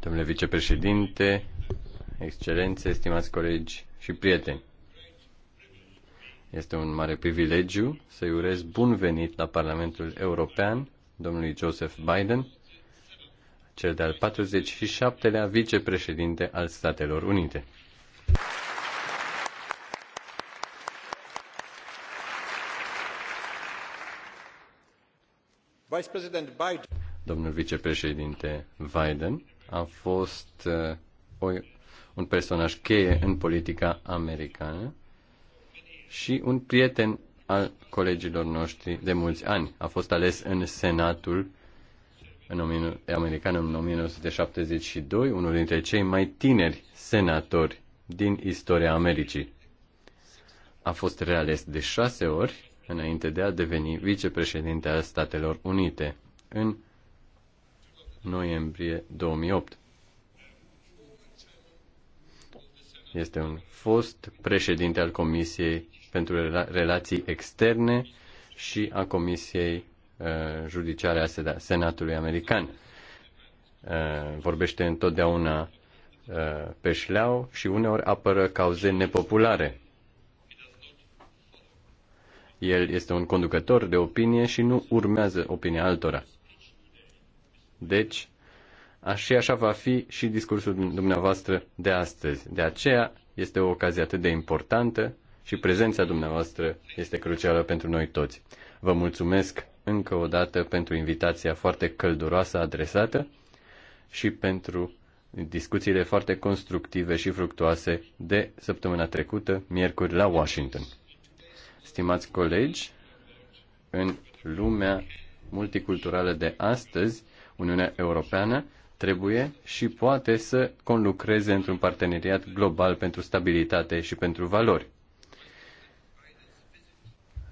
Domnule vicepreședinte, excelențe, stimați colegi și prieteni. Este un mare privilegiu să-i urez bun venit la Parlamentul European domnului Joseph Biden, cel de-al 47-lea vicepreședinte al Statelor Unite. Domnul vicepreședinte Biden a fost uh, o, un personaj cheie în politica americană și un prieten al colegilor noștri de mulți ani. A fost ales în Senatul în, american în 1972, unul dintre cei mai tineri senatori din istoria Americii. A fost reales de șase ori înainte de a deveni vicepreședinte al Statelor Unite în noiembrie 2008. Este un fost președinte al Comisiei pentru Relații Externe și a Comisiei uh, Judiciare a Senatului American. Uh, vorbește întotdeauna uh, pe șleau și uneori apără cauze nepopulare. El este un conducător de opinie și nu urmează opinia altora. Deci, și așa va fi și discursul dumneavoastră de astăzi. De aceea este o ocazie atât de importantă și prezența dumneavoastră este crucială pentru noi toți. Vă mulțumesc încă o dată pentru invitația foarte călduroasă adresată și pentru discuțiile foarte constructive și fructuoase de săptămâna trecută, miercuri, la Washington. Stimați colegi, în lumea multiculturală de astăzi, Uniunea Europeană trebuie și poate să conlucreze într-un parteneriat global pentru stabilitate și pentru valori.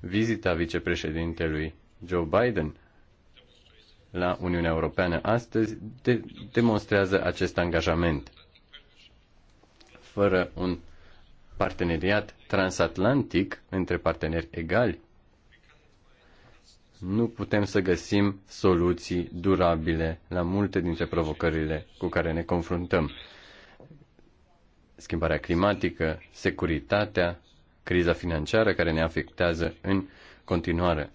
Vizita vicepreședintelui Joe Biden la Uniunea Europeană astăzi de- demonstrează acest angajament. Fără un parteneriat transatlantic între parteneri egali, nu putem să găsim soluții durabile la multe dintre provocările cu care ne confruntăm. Schimbarea climatică, securitatea, criza financiară care ne afectează în continuare,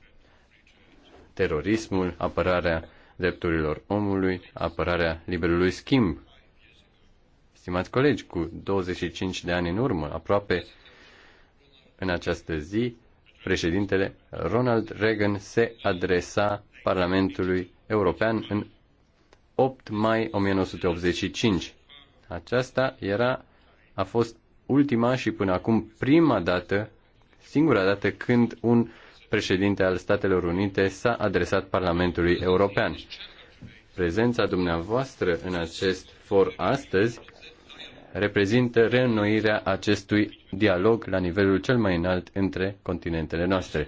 terorismul, apărarea drepturilor omului, apărarea liberului schimb, stimați colegi, cu 25 de ani în urmă, aproape în această zi, președintele Ronald Reagan se adresa Parlamentului European în 8 mai 1985. Aceasta era, a fost ultima și până acum prima dată, singura dată când un președinte al Statelor Unite s-a adresat Parlamentului European. Prezența dumneavoastră în acest for astăzi reprezintă reînnoirea acestui dialog la nivelul cel mai înalt între continentele noastre.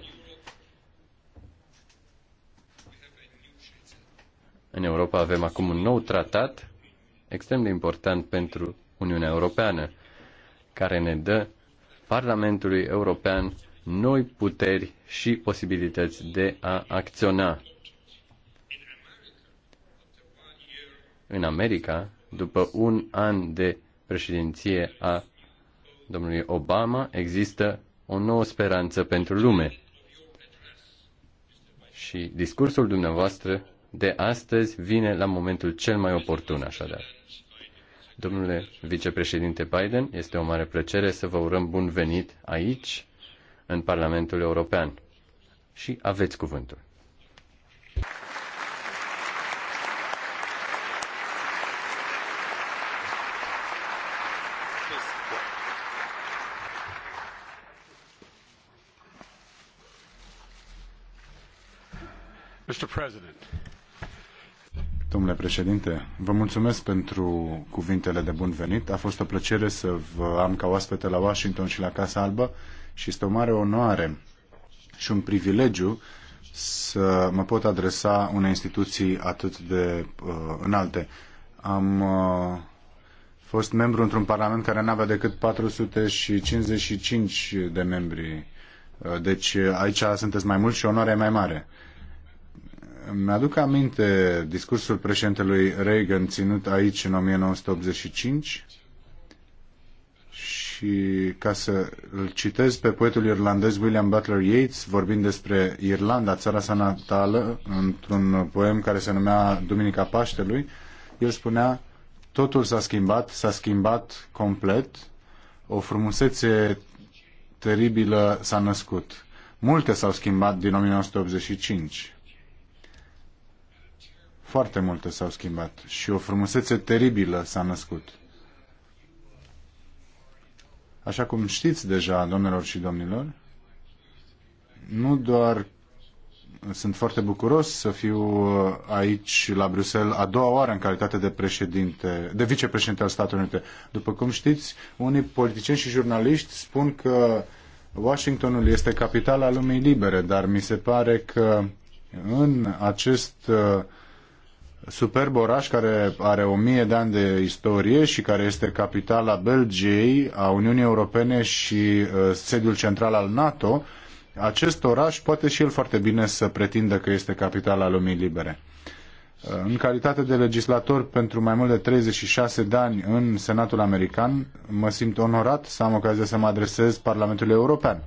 În Europa avem acum un nou tratat extrem de important pentru Uniunea Europeană, care ne dă Parlamentului European noi puteri și posibilități de a acționa. În America, după un an de președinție a domnului Obama, există o nouă speranță pentru lume. Și discursul dumneavoastră de astăzi vine la momentul cel mai oportun, așadar. Domnule vicepreședinte Biden, este o mare plăcere să vă urăm bun venit aici, în Parlamentul European. Și aveți cuvântul. Domnule președinte, vă mulțumesc pentru cuvintele de bun venit. A fost o plăcere să vă am ca oaspete la Washington și la Casa Albă și este o mare onoare și un privilegiu să mă pot adresa unei instituții atât de uh, înalte. Am uh, fost membru într-un parlament care n-avea decât 455 de membri. Uh, deci aici sunteți mai mulți și onoarea e mai mare. Mi-aduc aminte discursul președintelui Reagan ținut aici în 1985 și ca să îl citez pe poetul irlandez William Butler Yeats vorbind despre Irlanda, țara sa natală, într-un poem care se numea Duminica Paștelui, el spunea totul s-a schimbat, s-a schimbat complet, o frumusețe teribilă s-a născut. Multe s-au schimbat din 1985. Foarte multe s-au schimbat și o frumusețe teribilă s-a născut. Așa cum știți deja, domnilor și domnilor, nu doar sunt foarte bucuros să fiu uh, aici la Bruxelles a doua oară în calitate de președinte, de vicepreședinte al Statelor Unite. După cum știți, unii politicieni și jurnaliști spun că Washingtonul este capitala lumii libere, dar mi se pare că în acest uh, superb oraș care are o mie de ani de istorie și care este capitala Belgiei, a Uniunii Europene și uh, sediul central al NATO, acest oraș poate și el foarte bine să pretindă că este capitala lumii libere. Uh, în calitate de legislator pentru mai mult de 36 de ani în Senatul American, mă simt onorat să am ocazia să mă adresez Parlamentului European.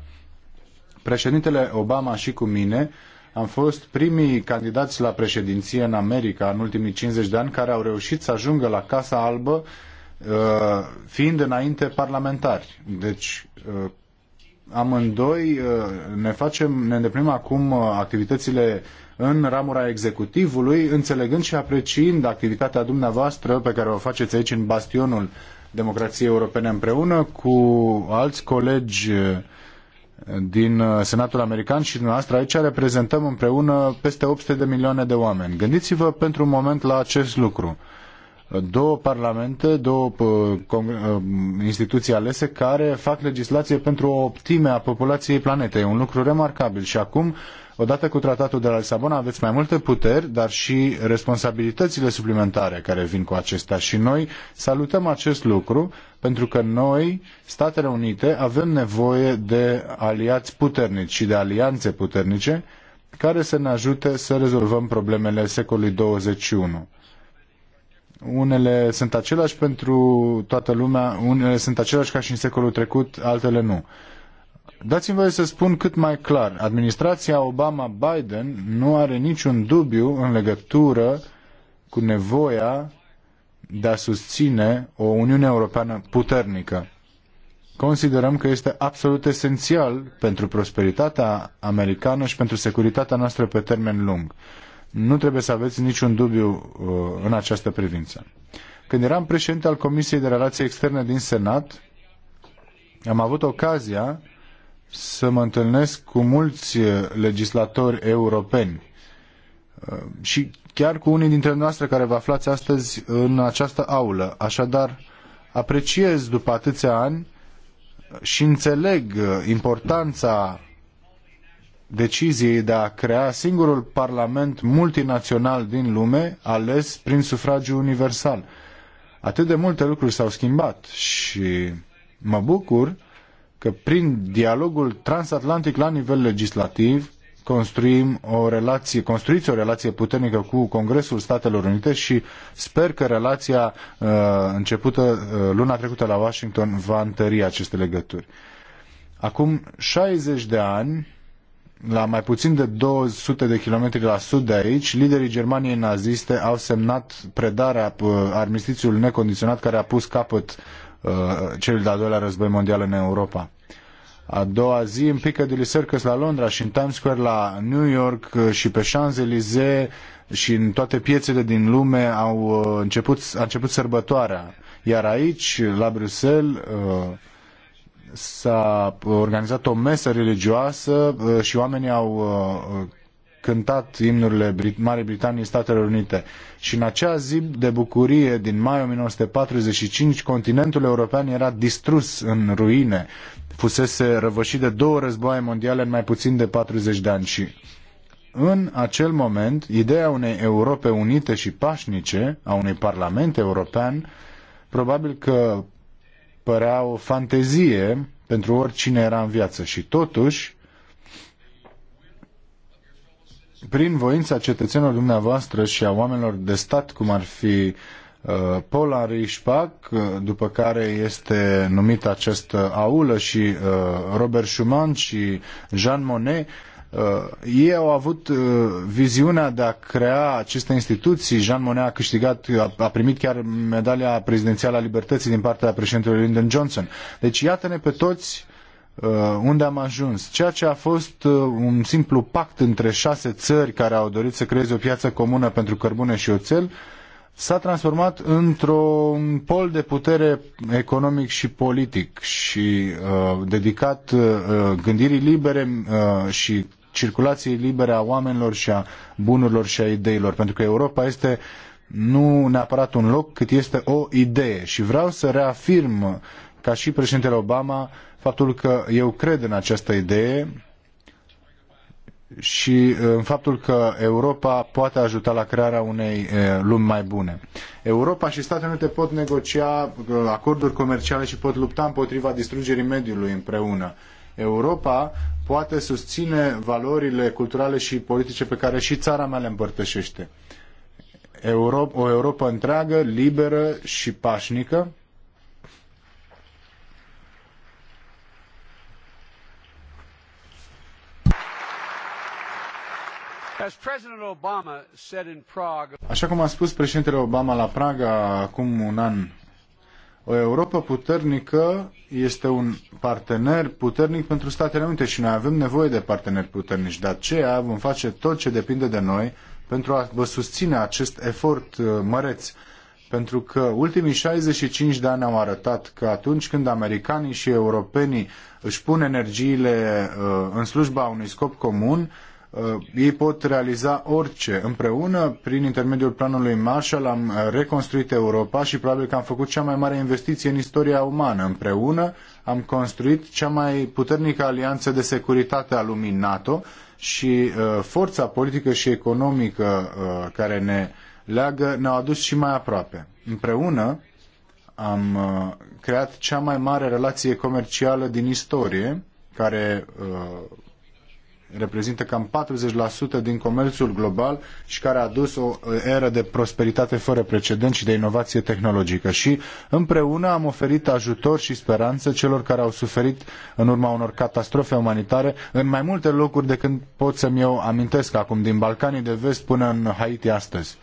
Președintele Obama și cu mine am fost primii candidați la președinție în America în ultimii 50 de ani care au reușit să ajungă la Casa Albă uh, fiind înainte parlamentari. Deci uh, amândoi uh, ne facem, ne îndeplinim acum activitățile în ramura executivului, înțelegând și apreciind activitatea dumneavoastră pe care o faceți aici în bastionul democrației europene împreună cu alți colegi din uh, Senatul American și dumneavoastră aici reprezentăm împreună peste 800 de milioane de oameni. Gândiți-vă pentru un moment la acest lucru două parlamente, două uh, uh, instituții alese care fac legislație pentru o optime a populației planetei. un lucru remarcabil și acum Odată cu tratatul de la Lisabona aveți mai multe puteri, dar și responsabilitățile suplimentare care vin cu acestea. Și noi salutăm acest lucru pentru că noi, Statele Unite, avem nevoie de aliați puternici și de alianțe puternice care să ne ajute să rezolvăm problemele secolului 21. Unele sunt aceleași pentru toată lumea, unele sunt aceleași ca și în secolul trecut, altele nu. Dați-mi voie să spun cât mai clar. Administrația Obama-Biden nu are niciun dubiu în legătură cu nevoia de a susține o Uniune Europeană puternică. Considerăm că este absolut esențial pentru prosperitatea americană și pentru securitatea noastră pe termen lung. Nu trebuie să aveți niciun dubiu uh, în această privință. Când eram președinte al Comisiei de Relații Externe din Senat, am avut ocazia să mă întâlnesc cu mulți uh, legislatori europeni uh, și chiar cu unii dintre noastre care vă aflați astăzi în această aulă. Așadar, apreciez după atâția ani și înțeleg importanța deciziei de a crea singurul parlament multinațional din lume ales prin sufragiu universal. Atât de multe lucruri s-au schimbat și mă bucur că prin dialogul transatlantic la nivel legislativ construim o relație, construiți o relație puternică cu Congresul Statelor Unite și sper că relația uh, începută uh, luna trecută la Washington va întări aceste legături. Acum 60 de ani, la mai puțin de 200 de kilometri la sud de aici, liderii Germaniei naziste au semnat predarea, uh, armistițiul necondiționat care a pus capăt uh, celui de-al doilea război mondial în Europa. A doua zi în Piccadilly Circus la Londra și în Times Square la New York uh, și pe Champs-Élysées și în toate piețele din lume au uh, început, a început sărbătoarea. Iar aici, la Bruxelles, uh, s-a organizat o mesă religioasă uh, și oamenii au uh, cântat imnurile Brit- Marii Britanii Statelor Unite. Și în acea zi de bucurie din mai 1945, continentul european era distrus în ruine. Fusese răvășit de două războaie mondiale în mai puțin de 40 de ani și în acel moment, ideea unei Europe unite și pașnice, a unui Parlament european, probabil că părea o fantezie pentru oricine era în viață. Și totuși, prin voința cetățenilor dumneavoastră și a oamenilor de stat, cum ar fi uh, Pola Rișpac, uh, după care este numită această aulă și uh, Robert Schumann și Jean Monnet, Uh, ei au avut uh, viziunea de a crea aceste instituții. Jean Monnet a câștigat, a primit chiar medalia prezidențială a libertății din partea președintelui Lyndon Johnson. Deci iată-ne pe toți uh, unde am ajuns. Ceea ce a fost un simplu pact între șase țări care au dorit să creeze o piață comună pentru cărbune și oțel, s-a transformat într-un pol de putere economic și politic și uh, dedicat uh, gândirii libere uh, și circulației libere a oamenilor și a bunurilor și a ideilor. Pentru că Europa este nu neapărat un loc, cât este o idee. Și vreau să reafirm, ca și președintele Obama, faptul că eu cred în această idee și uh, în faptul că Europa poate ajuta la crearea unei uh, lumi mai bune. Europa și Statele Unite pot negocia uh, acorduri comerciale și pot lupta împotriva distrugerii mediului împreună. Europa poate susține valorile culturale și politice pe care și țara mea le împărtășește. Europa, o Europa întreagă, liberă și pașnică, Așa cum a spus președintele Obama la Praga acum un an, o Europa puternică este un partener puternic pentru Statele Unite și noi avem nevoie de parteneri puternici. De aceea vom face tot ce depinde de noi pentru a vă susține acest efort uh, măreț. Pentru că ultimii 65 de ani au arătat că atunci când americanii și europenii își pun energiile uh, în slujba unui scop comun, Uh, ei pot realiza orice. Împreună, prin intermediul planului Marshall, am reconstruit Europa și probabil că am făcut cea mai mare investiție în istoria umană. Împreună am construit cea mai puternică alianță de securitate a lumii NATO și uh, forța politică și economică uh, care ne leagă ne-au adus și mai aproape. Împreună am uh, creat cea mai mare relație comercială din istorie, care uh, reprezintă cam 40% din comerțul global și care a adus o eră de prosperitate fără precedent și de inovație tehnologică. Și împreună am oferit ajutor și speranță celor care au suferit în urma unor catastrofe umanitare în mai multe locuri decât pot să-mi eu amintesc acum, din Balcanii de Vest până în Haiti astăzi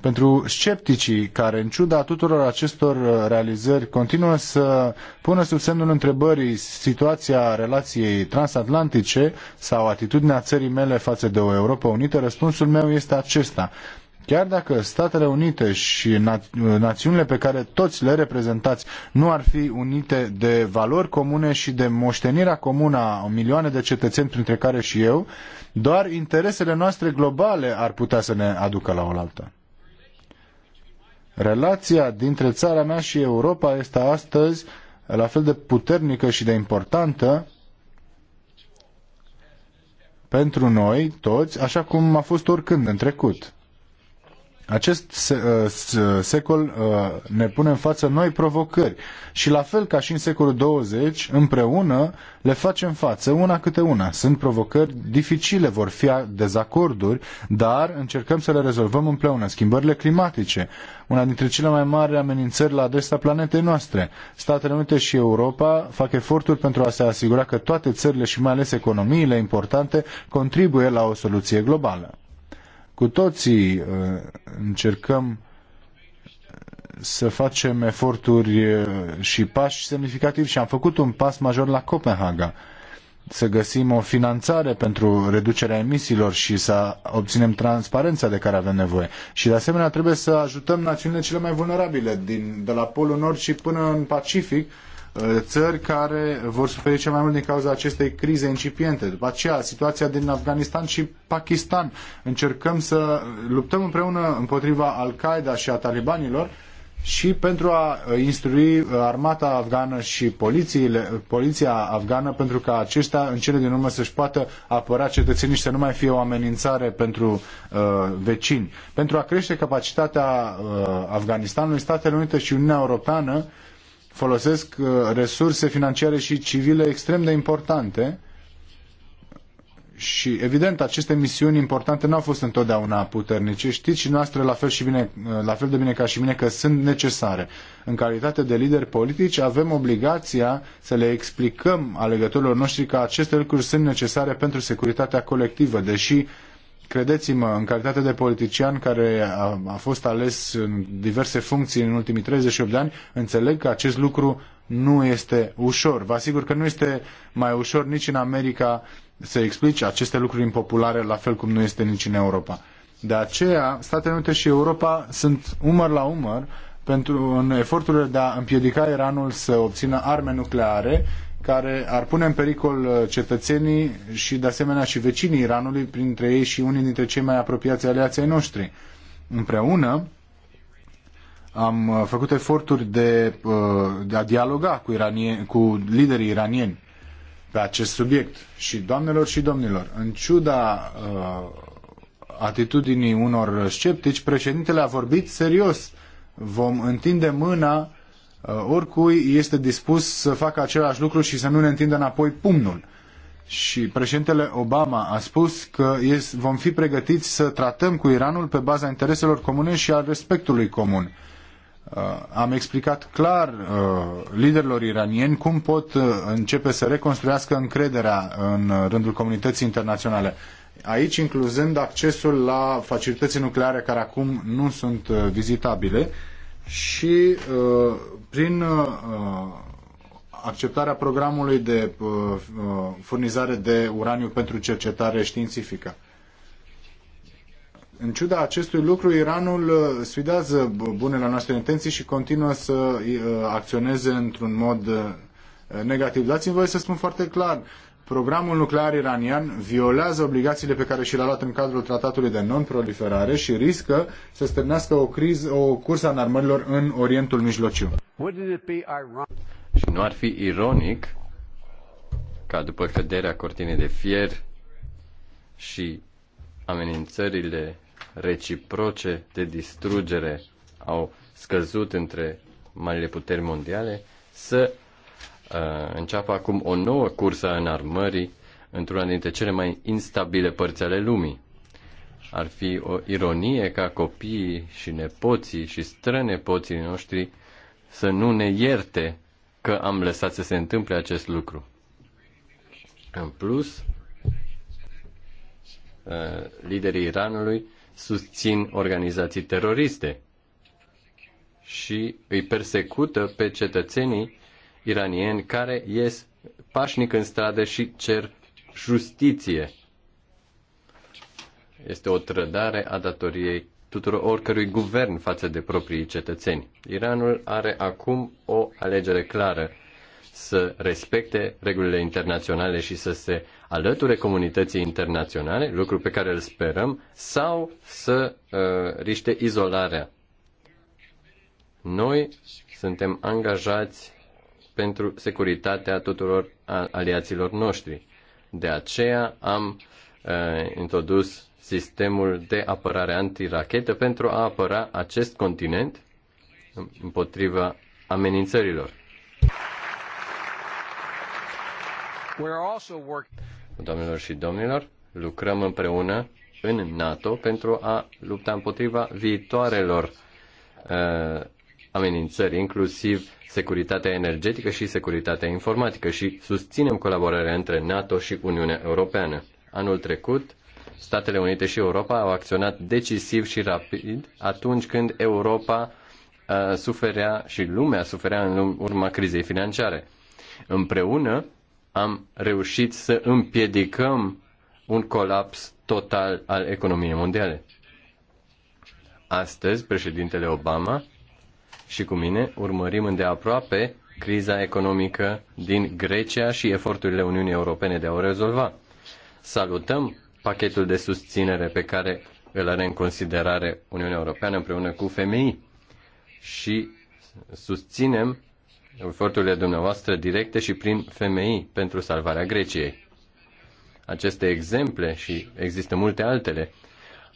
pentru scepticii care, în ciuda tuturor acestor uh, realizări, continuă să pună sub semnul întrebării situația relației transatlantice sau atitudinea țării mele față de o Europa Unită, răspunsul meu este acesta. Chiar dacă Statele Unite și uh, națiunile pe care toți le reprezentați nu ar fi unite de valori comune și de moștenirea comună a milioane de cetățeni, printre care și eu, doar interesele noastre globale ar putea să ne aducă la oaltă. Relația dintre țara mea și Europa este astăzi la fel de puternică și de importantă pentru noi toți, așa cum a fost oricând în trecut. Acest uh, uh, secol uh, ne pune în față noi provocări și la fel ca și în secolul 20, împreună le facem față una câte una. Sunt provocări dificile, vor fi dezacorduri, dar încercăm să le rezolvăm împreună. Schimbările climatice, una dintre cele mai mari amenințări la adresa planetei noastre. Statele Unite și Europa fac eforturi pentru a se asigura că toate țările și mai ales economiile importante contribuie la o soluție globală. Cu toții uh, încercăm să facem eforturi uh, și pași semnificativi și am făcut un pas major la Copenhaga să găsim o finanțare pentru reducerea emisiilor și să obținem transparența de care avem nevoie. Și de asemenea trebuie să ajutăm națiunile cele mai vulnerabile din, de la Polul Nord și până în Pacific Uh, țări care vor suferi cel mai mult din cauza acestei crize incipiente. După aceea, situația din Afganistan și Pakistan. Încercăm să luptăm împreună împotriva Al-Qaeda și a talibanilor și pentru a uh, instrui uh, armata afgană și polițiile, poliția afgană pentru ca aceștia în cele din urmă să-și poată apăra cetățenii și să nu mai fie o amenințare pentru uh, vecini. Pentru a crește capacitatea uh, Afganistanului, Statele Unite și Uniunea Europeană folosesc uh, resurse financiare și civile extrem de importante și evident aceste misiuni importante nu au fost întotdeauna puternice. Știți și noastre la fel, și bine, uh, la fel de bine ca și mine că sunt necesare. În calitate de lideri politici avem obligația să le explicăm alegătorilor noștri că aceste lucruri sunt necesare pentru securitatea colectivă, deși Credeți-mă, în calitate de politician care a, a fost ales în diverse funcții în ultimii 38 de ani, înțeleg că acest lucru nu este ușor. Vă asigur că nu este mai ușor nici în America să explici aceste lucruri impopulare, la fel cum nu este nici în Europa. De aceea, Statele Unite și Europa sunt umăr la umăr pentru în eforturile de a împiedica Iranul să obțină arme nucleare care ar pune în pericol uh, cetățenii și de asemenea și vecinii Iranului, printre ei și unii dintre cei mai apropiați aliații ai noștri. Împreună am uh, făcut eforturi de, uh, de a dialoga cu, iranie, cu liderii iranieni pe acest subiect. Și doamnelor și domnilor, în ciuda uh, atitudinii unor sceptici, președintele a vorbit serios. Vom întinde mâna Uh, oricui este dispus să facă același lucru și să nu ne întindă înapoi pumnul. Și președintele Obama a spus că vom fi pregătiți să tratăm cu Iranul pe baza intereselor comune și al respectului comun. Uh, am explicat clar uh, liderilor iranieni cum pot începe să reconstruiască încrederea în rândul comunității internaționale. Aici incluzând accesul la facilități nucleare care acum nu sunt vizitabile, și uh, prin uh, acceptarea programului de uh, furnizare de uraniu pentru cercetare științifică. În ciuda acestui lucru, Iranul sfidează bunele noastre intenții și continuă să acționeze într-un mod negativ. Dați-mi voie să spun foarte clar, programul nuclear iranian violează obligațiile pe care și le-a luat în cadrul tratatului de non-proliferare și riscă să stârnească o, criză, o cursă a înarmărilor în Orientul Mijlociu. Și nu ar fi ironic ca după căderea cortinei de fier și amenințările reciproce de distrugere au scăzut între marile puteri mondiale, să Uh, înceapă acum o nouă cursă în armării într-una dintre cele mai instabile părți ale lumii. Ar fi o ironie ca copiii și nepoții și strănepoții noștri să nu ne ierte că am lăsat să se întâmple acest lucru. În plus, uh, liderii Iranului susțin organizații teroriste și îi persecută pe cetățenii iranieni care ies pașnic în stradă și cer justiție. Este o trădare a datoriei tuturor oricărui guvern față de proprii cetățeni. Iranul are acum o alegere clară să respecte regulile internaționale și să se alăture comunității internaționale, lucru pe care îl sperăm, sau să uh, riște izolarea. Noi suntem angajați pentru securitatea tuturor aliaților noștri. De aceea am uh, introdus sistemul de apărare antirachetă pentru a apăra acest continent împotriva amenințărilor. Doamnelor și domnilor, lucrăm împreună în NATO pentru a lupta împotriva viitoarelor uh, amenințări, inclusiv securitatea energetică și securitatea informatică și susținem colaborarea între NATO și Uniunea Europeană. Anul trecut, Statele Unite și Europa au acționat decisiv și rapid atunci când Europa uh, suferea și lumea suferea în urma crizei financiare. Împreună am reușit să împiedicăm un colaps total al economiei mondiale. Astăzi, președintele Obama și cu mine urmărim îndeaproape criza economică din Grecia și eforturile Uniunii Europene de a o rezolva. Salutăm pachetul de susținere pe care îl are în considerare Uniunea Europeană împreună cu FMI și susținem eforturile dumneavoastră directe și prin FMI pentru salvarea Greciei. Aceste exemple și există multe altele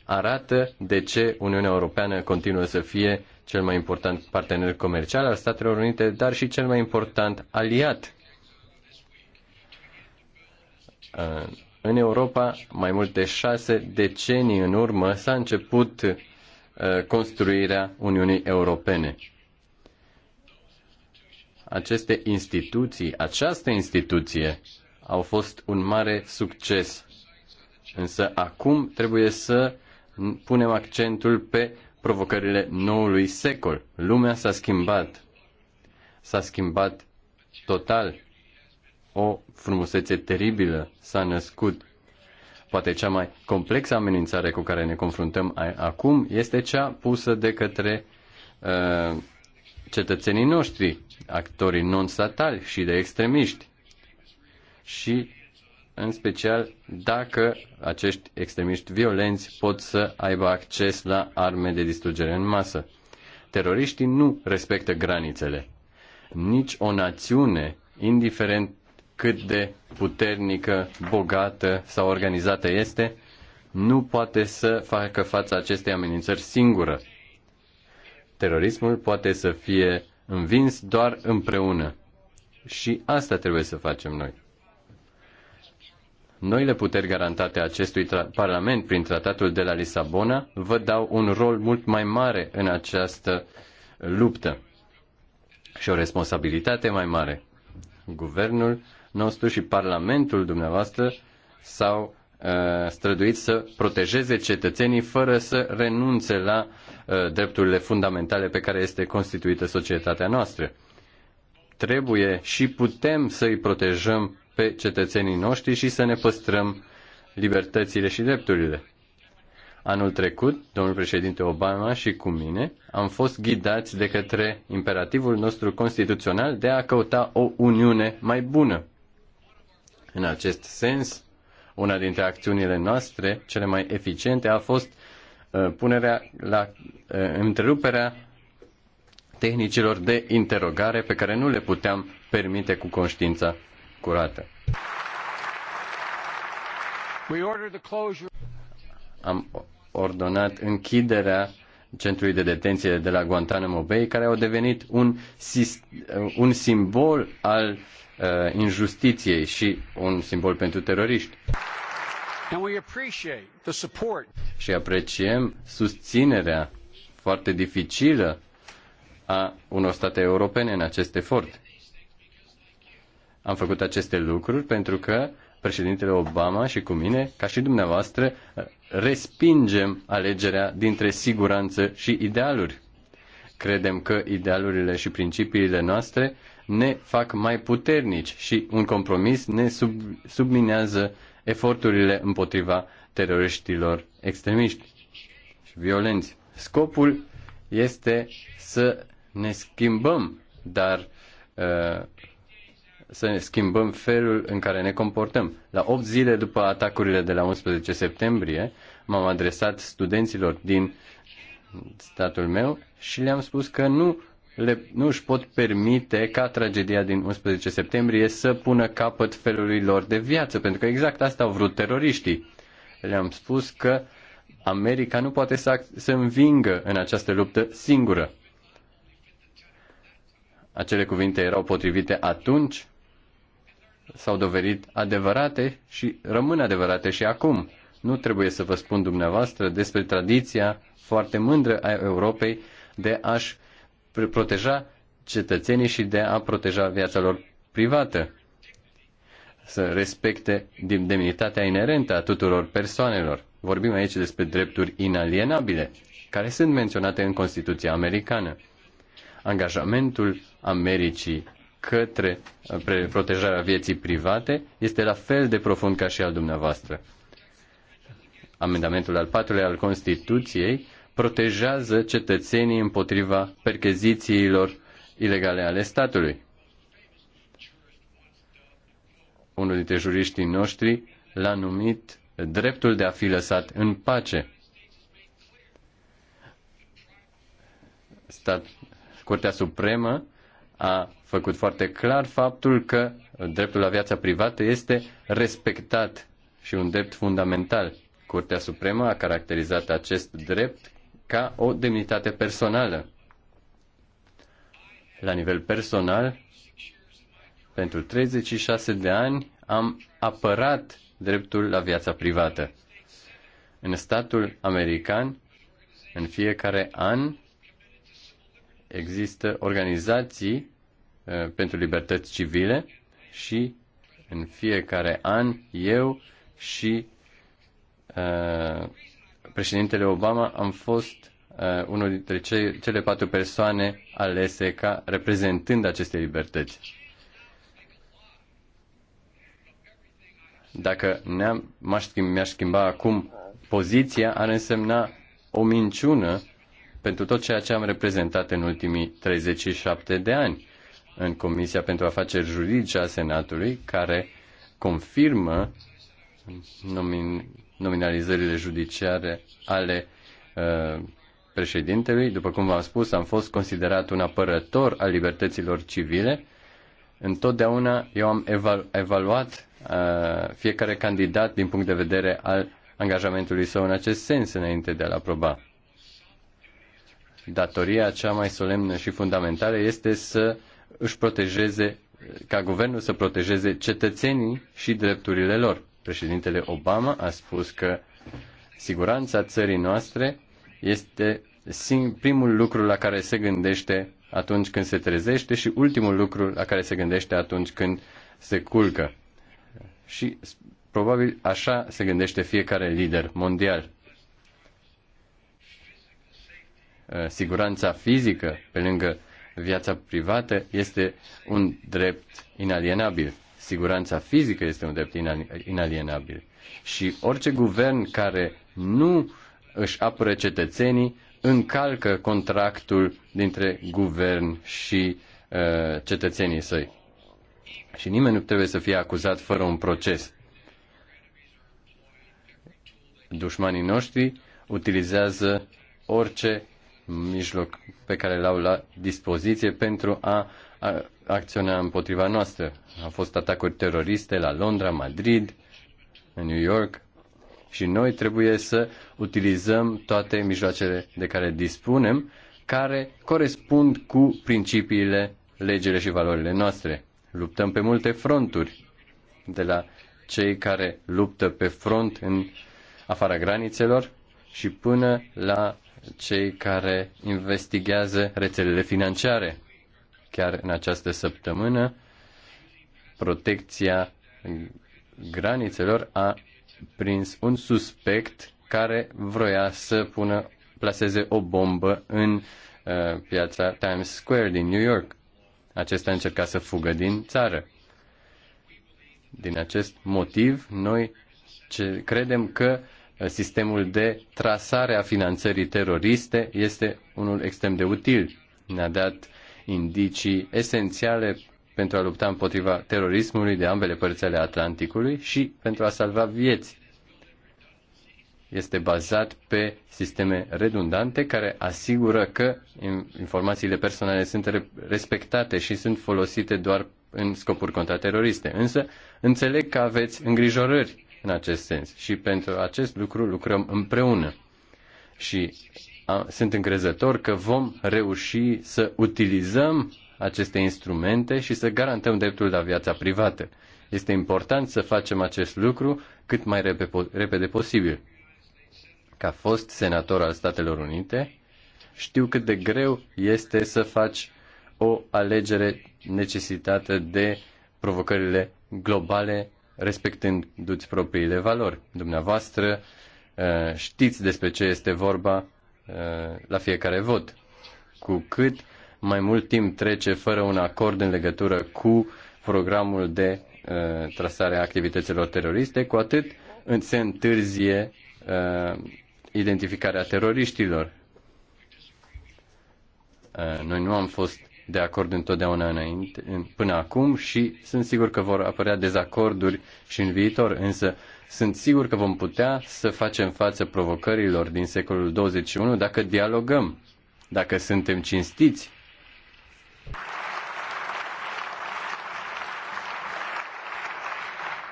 arată de ce Uniunea Europeană continuă să fie cel mai important partener comercial al Statelor Unite, dar și cel mai important aliat. Uh, în Europa, mai mult de șase decenii în urmă, s-a început uh, construirea Uniunii Europene. Aceste instituții, această instituție, au fost un mare succes. Însă acum trebuie să punem accentul pe provocările noului secol. Lumea s-a schimbat. S-a schimbat total. O frumusețe teribilă s-a născut. Poate cea mai complexă amenințare cu care ne confruntăm acum este cea pusă de către uh, cetățenii noștri, actorii non-statali și de extremiști. Și în special dacă acești extremiști violenți pot să aibă acces la arme de distrugere în masă. Teroriștii nu respectă granițele. Nici o națiune, indiferent cât de puternică, bogată sau organizată este, nu poate să facă față acestei amenințări singură. Terorismul poate să fie învins doar împreună. Și asta trebuie să facem noi. Noile puteri garantate acestui Parlament prin tratatul de la Lisabona vă dau un rol mult mai mare în această luptă și o responsabilitate mai mare. Guvernul nostru și Parlamentul dumneavoastră s-au uh, străduit să protejeze cetățenii fără să renunțe la uh, drepturile fundamentale pe care este constituită societatea noastră. Trebuie și putem să îi protejăm pe cetățenii noștri și să ne păstrăm libertățile și drepturile. Anul trecut, domnul președinte Obama și cu mine am fost ghidați de către imperativul nostru constituțional de a căuta o uniune mai bună. În acest sens, una dintre acțiunile noastre cele mai eficiente a fost uh, punerea la uh, întreruperea tehnicilor de interogare pe care nu le puteam permite cu conștiința curată. Am ordonat închiderea centrului de detenție de la Guantanamo Bay, care au devenit un, un simbol al uh, injustiției și un simbol pentru teroriști. Și apreciem susținerea foarte dificilă a unor state europene în acest efort. Am făcut aceste lucruri pentru că președintele Obama și cu mine, ca și dumneavoastră, respingem alegerea dintre siguranță și idealuri. Credem că idealurile și principiile noastre ne fac mai puternici și un compromis ne sub, subminează eforturile împotriva teroriștilor extremiști și violenți. Scopul este să ne schimbăm, dar uh, să ne schimbăm felul în care ne comportăm. La 8 zile după atacurile de la 11 septembrie, m-am adresat studenților din statul meu și le-am spus că nu, le, nu își pot permite ca tragedia din 11 septembrie să pună capăt felului lor de viață, pentru că exact asta au vrut teroriștii. Le-am spus că America nu poate să, să învingă în această luptă singură. Acele cuvinte erau potrivite atunci s-au dovedit adevărate și rămân adevărate și acum. Nu trebuie să vă spun dumneavoastră despre tradiția foarte mândră a Europei de a-și proteja cetățenii și de a proteja viața lor privată. Să respecte demnitatea inerentă a tuturor persoanelor. Vorbim aici despre drepturi inalienabile, care sunt menționate în Constituția americană. Angajamentul Americii către uh, protejarea vieții private este la fel de profund ca și al dumneavoastră. Amendamentul al patrulea al Constituției protejează cetățenii împotriva perchezițiilor ilegale ale statului. Unul dintre juriștii noștri l-a numit dreptul de a fi lăsat în pace. Stat, Curtea Supremă a făcut foarte clar faptul că dreptul la viața privată este respectat și un drept fundamental. Curtea Supremă a caracterizat acest drept ca o demnitate personală. La nivel personal, pentru 36 de ani am apărat dreptul la viața privată. În statul american, în fiecare an, există organizații Uh, pentru libertăți civile și în fiecare an eu și uh, președintele Obama am fost uh, unul dintre ce, cele patru persoane alese ca reprezentând aceste libertăți. Dacă ne-am, m-aș schimba, mi-aș schimba acum poziția, ar însemna o minciună pentru tot ceea ce am reprezentat în ultimii 37 de ani în Comisia pentru Afaceri Juridice a Senatului, care confirmă nomin, nominalizările judiciare ale uh, președintelui. După cum v-am spus, am fost considerat un apărător al libertăților civile. Întotdeauna eu am evalu- evaluat uh, fiecare candidat din punct de vedere al angajamentului său în acest sens înainte de a-l aproba. Datoria cea mai solemnă și fundamentală este să uh, își protejeze, ca guvernul să protejeze cetățenii și drepturile lor. Președintele Obama a spus că siguranța țării noastre este primul lucru la care se gândește atunci când se trezește și ultimul lucru la care se gândește atunci când se culcă. Și probabil așa se gândește fiecare lider mondial. Siguranța fizică, pe lângă Viața privată este un drept inalienabil. Siguranța fizică este un drept inalienabil. Și orice guvern care nu își apără cetățenii încalcă contractul dintre guvern și uh, cetățenii săi. Și nimeni nu trebuie să fie acuzat fără un proces. Dușmanii noștri utilizează orice mijloc pe care l-au la dispoziție pentru a, acționa împotriva noastră. Au fost atacuri teroriste la Londra, Madrid, în New York și noi trebuie să utilizăm toate mijloacele de care dispunem care corespund cu principiile, legile și valorile noastre. Luptăm pe multe fronturi, de la cei care luptă pe front în afara granițelor și până la cei care investigează rețelele financiare. Chiar în această săptămână, protecția granițelor a prins un suspect care vroia să pună, placeze o bombă în uh, piața Times Square din New York. Acesta încerca să fugă din țară. Din acest motiv, noi ce, credem că sistemul de trasare a finanțării teroriste este unul extrem de util. Ne-a dat indicii esențiale pentru a lupta împotriva terorismului de ambele părți ale Atlanticului și pentru a salva vieți. Este bazat pe sisteme redundante care asigură că informațiile personale sunt respectate și sunt folosite doar în scopuri contrateroriste. Însă, înțeleg că aveți îngrijorări în acest sens. Și pentru acest lucru lucrăm împreună. Și a, sunt încrezător că vom reuși să utilizăm aceste instrumente și să garantăm dreptul la viața privată. Este important să facem acest lucru cât mai repede posibil. Ca fost senator al Statelor Unite, știu cât de greu este să faci o alegere necesitată de provocările globale respectându-ți propriile valori. Dumneavoastră eh, știți despre ce este vorba eh, la fiecare vot. Cu cât mai mult timp trece fără un acord în legătură cu programul de eh, trasare a activităților teroriste, cu atât se întârzie identificarea teroriștilor. Noi nu am fost de acord întotdeauna înainte, în, până acum și sunt sigur că vor apărea dezacorduri și în viitor, însă sunt sigur că vom putea să facem față provocărilor din secolul 21 dacă dialogăm, dacă suntem cinstiți.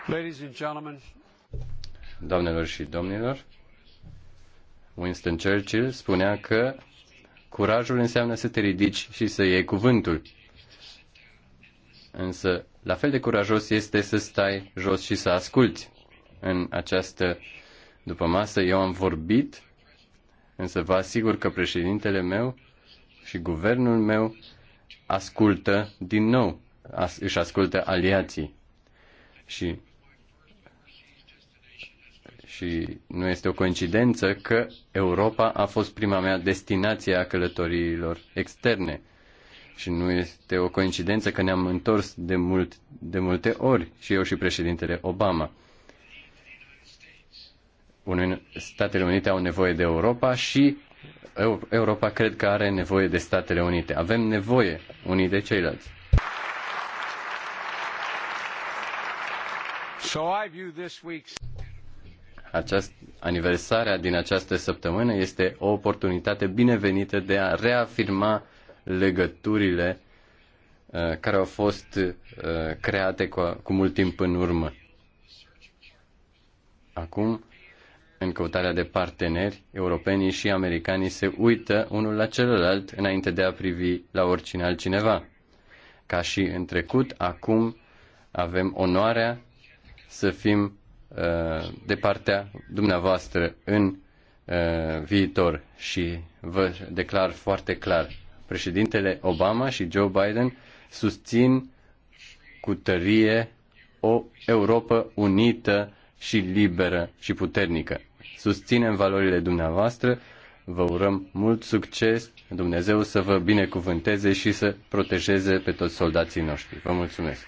Ladies and gentlemen. Doamnelor și domnilor, Winston Churchill spunea că Curajul înseamnă să te ridici și să iei cuvântul. Însă, la fel de curajos este să stai jos și să asculți. În această după masă eu am vorbit, însă vă asigur că președintele meu și guvernul meu ascultă din nou, as, își ascultă aliații. Și și nu este o coincidență că Europa a fost prima mea destinație a călătoriilor externe. Și nu este o coincidență că ne-am întors de, mult, de multe ori și eu și președintele Obama. Statele Unite au nevoie de Europa și Europa cred că are nevoie de Statele Unite. Avem nevoie unii de ceilalți. So I view this week's... Această aniversarea din această săptămână este o oportunitate binevenită de a reafirma legăturile uh, care au fost uh, create cu, cu mult timp în urmă. Acum, în căutarea de parteneri, europenii și americanii se uită unul la celălalt înainte de a privi la oricine altcineva. Ca și în trecut, acum avem onoarea să fim Uh, de partea dumneavoastră în uh, viitor și vă declar foarte clar, președintele Obama și Joe Biden susțin cu tărie o Europa unită și liberă și puternică. Susținem valorile dumneavoastră, vă urăm mult succes, Dumnezeu să vă binecuvânteze și să protejeze pe toți soldații noștri. Vă mulțumesc!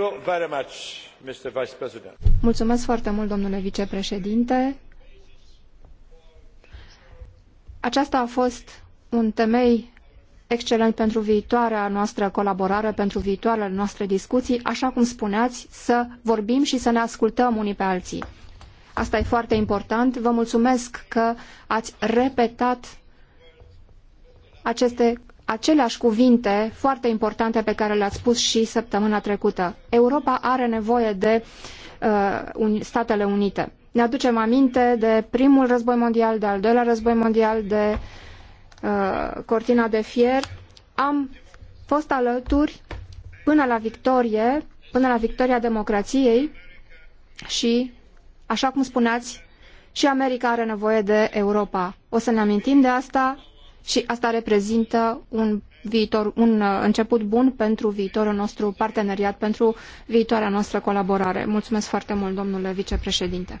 Uh, mulțumesc foarte mult, domnule vicepreședinte. Aceasta a fost un temei excelent pentru viitoarea noastră colaborare, pentru viitoarele noastre discuții, așa cum spuneați, să vorbim și să ne ascultăm unii pe alții. Asta e foarte important. Vă mulțumesc că ați repetat aceste aceleași cuvinte foarte importante pe care le-ați spus și săptămâna trecută. Europa are nevoie de uh, Statele Unite. Ne aducem aminte de primul război mondial, de al doilea război mondial, de uh, cortina de fier. Am fost alături până la victorie, până la victoria democrației și, așa cum spuneați, și America are nevoie de Europa. O să ne amintim de asta și asta reprezintă un, viitor, un uh, început bun pentru viitorul nostru parteneriat, pentru viitoarea noastră colaborare. Mulțumesc foarte mult, domnule vicepreședinte.